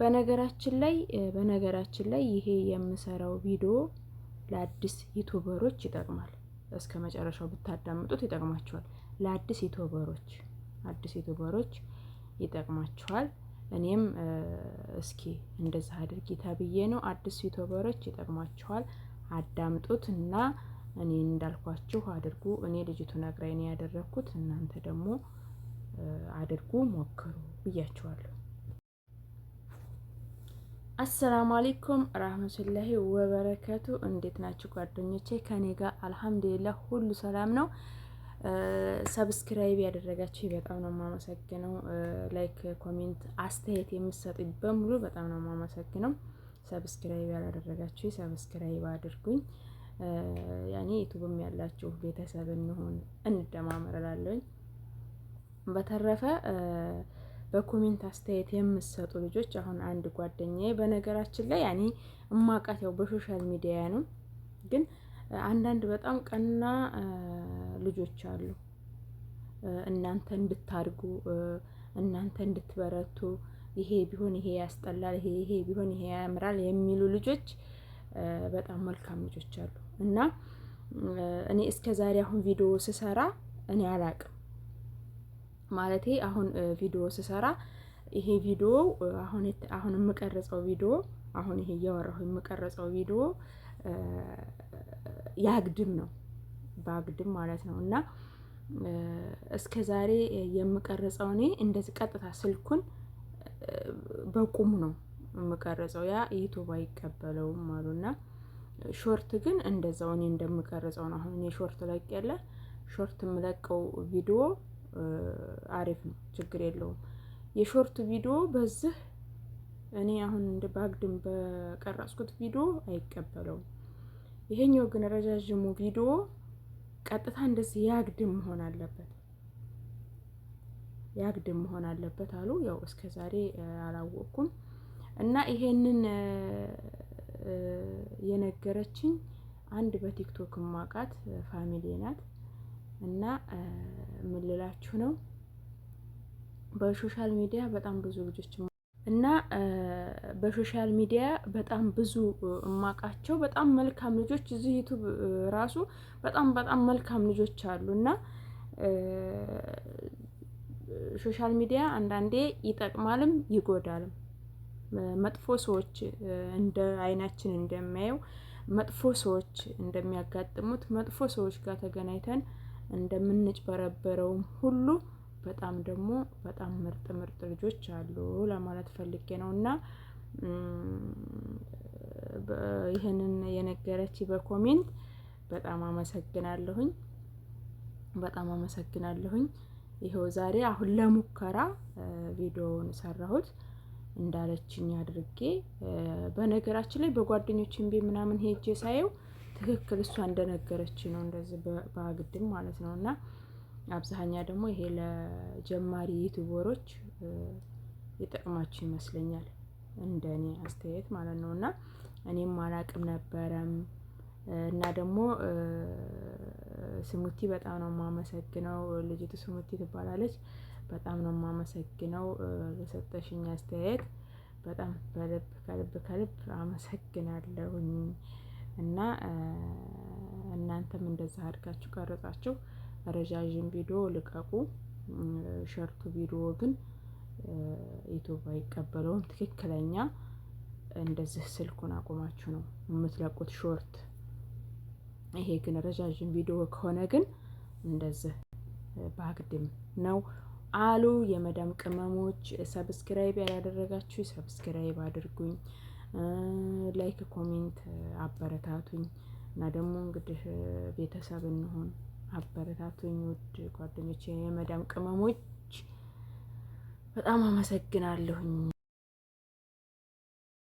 በነገራችን ላይ በነገራችን ላይ ይሄ የምሰራው ቪዲዮ ለአዲስ ዩቱበሮች ይጠቅማል። እስከ መጨረሻው ብታዳምጡት ይጠቅማችኋል። ለአዲስ ዩቱበሮች አዲስ ዩቱበሮች ይጠቅማችኋል። እኔም እስኪ እንደዛ አድርጊ ተብዬ ነው። አዲስ ዩቱበሮች ይጠቅማችኋል። አዳምጡት እና እኔ እንዳልኳችሁ አድርጉ። እኔ ልጅቱ ነግራይ ነው ያደረግኩት። እናንተ ደግሞ አድርጉ ሞክሩ ብያችኋለሁ። አሰላሙ አሌይኩም ራህመቱላሂ ወበረከቱ። እንዴት ናችሁ ጓደኞቼ? ከኔ ጋር አልሐምዱሊላህ ሁሉ ሰላም ነው። ሰብስክራይብ ያደረጋችሁ በጣም ነው የማመሰግነው። ላይክ፣ ኮሜንት፣ አስተያየት የምትሰጡኝ በሙሉ በጣም ነው የማመሰግነው። ሰብስክራይብ ያላደረጋችሁ ሰብስክራይብ አድርጉኝ። ያኔ ዩቱብም ያላችሁ ቤተሰብ እንሆን እንደማመረላለኝ በተረፈ በኮሜንት አስተያየት የምትሰጡ ልጆች አሁን አንድ ጓደኛዬ በነገራችን ላይ ያኔ እማቃት ያው በሶሻል ሚዲያ ነው፣ ግን አንዳንድ በጣም ቀና ልጆች አሉ። እናንተ እንድታድጉ እናንተ እንድትበረቱ ይሄ ቢሆን ይሄ ያስጠላል፣ ይሄ ይሄ ቢሆን ይሄ ያምራል የሚሉ ልጆች በጣም መልካም ልጆች አሉ እና እኔ እስከ ዛሬ አሁን ቪዲዮ ስሰራ እኔ አላቅም ማለቴ አሁን ቪዲዮ ስሰራ ይሄ ቪዲዮ አሁን አሁን የምቀርጸው ቪዲዮ አሁን ይሄ እያወራሁ የምቀርጸው ቪዲዮ ያግድም ነው በአግድም ማለት ነው። እና እስከ ዛሬ የምቀርጸው እኔ እንደዚህ ቀጥታ ስልኩን በቁም ነው የምቀርጸው። ያ ዩቱብ አይቀበለውም አሉና ሾርት ግን እንደዛው እኔ እንደምቀርጸው ነው። አሁን እኔ ሾርት ለቅ ያለ ሾርት የምለቀው ቪዲዮ አሪፍ ነው፣ ችግር የለውም። የሾርት ቪዲዮ በዚህ እኔ አሁን እንደ ባግድም በቀረጽኩት ቪዲዮ አይቀበለውም። ይሄኛው ግን ረዣዥሙ ቪዲዮ ቀጥታ እንደዚህ ያግድም መሆን አለበት ያግድም መሆን አለበት አሉ። ያው እስከ ዛሬ አላወቅኩም እና ይሄንን የነገረችኝ አንድ በቲክቶክ ማቃት ፋሚሊ ናት። እና ምልላችሁ ነው በሶሻል ሚዲያ በጣም ብዙ ልጆች እና በሶሻል ሚዲያ በጣም ብዙ እማቃቸው በጣም መልካም ልጆች እዚህ ዩቱብ ራሱ በጣም በጣም መልካም ልጆች አሉ እና ሶሻል ሚዲያ አንዳንዴ ይጠቅማልም ይጎዳልም። መጥፎ ሰዎች እንደ አይናችን እንደሚያየው መጥፎ ሰዎች እንደሚያጋጥሙት መጥፎ ሰዎች ጋር ተገናኝተን እንደምንጭበረበረውም ሁሉ በጣም ደግሞ በጣም ምርጥ ምርጥ ልጆች አሉ ለማለት ፈልጌ ነው እና ይህንን የነገረች በኮሜንት በጣም አመሰግናለሁኝ። በጣም አመሰግናለሁኝ። ይኸው ዛሬ አሁን ለሙከራ ቪዲዮውን ሰራሁት እንዳለችኝ አድርጌ። በነገራችን ላይ በጓደኞች እምቢ ምናምን ሄጄ ሳየው ትክክል እሷ እንደነገረች ነው እንደዚህ በአግድም ማለት ነው። እና አብዛኛ ደግሞ ይሄ ለጀማሪ ዩቱበሮች ይጠቅማችሁ ይመስለኛል፣ እንደ እኔ አስተያየት ማለት ነው። እና እኔም አላቅም ነበረም እና ደግሞ ስሙቲ በጣም ነው የማመሰግነው። ልጅቱ ስሙቲ ትባላለች። በጣም ነው የማመሰግነው ለሰጠሽኝ አስተያየት በጣም በልብ ከልብ ከልብ አመሰግናለሁኝ እና እናንተም እንደዛ አድርጋችሁ ቀረጻችሁ ረዣዥም ቪዲዮ ልቀቁ። ሸርቱ ቪዲዮ ግን ዩቱብ አይቀበለውም። ትክክለኛ እንደዚህ ስልኩን አቁማችሁ ነው የምትለቁት ሾርት። ይሄ ግን ረዣዥም ቪዲዮ ከሆነ ግን እንደዚህ በአግድም ነው አሉ የመዳም ቅመሞች። ሰብስክራይብ ያላደረጋችሁ ሰብስክራይብ አድርጉኝ፣ ላይክ ኮሜንት አበረታቱኝ። እና ደግሞ እንግዲህ ቤተሰብ እንሆን አበረታቱኝ። ውድ ጓደኞቼ የመዳም ቅመሞች በጣም አመሰግናለሁኝ።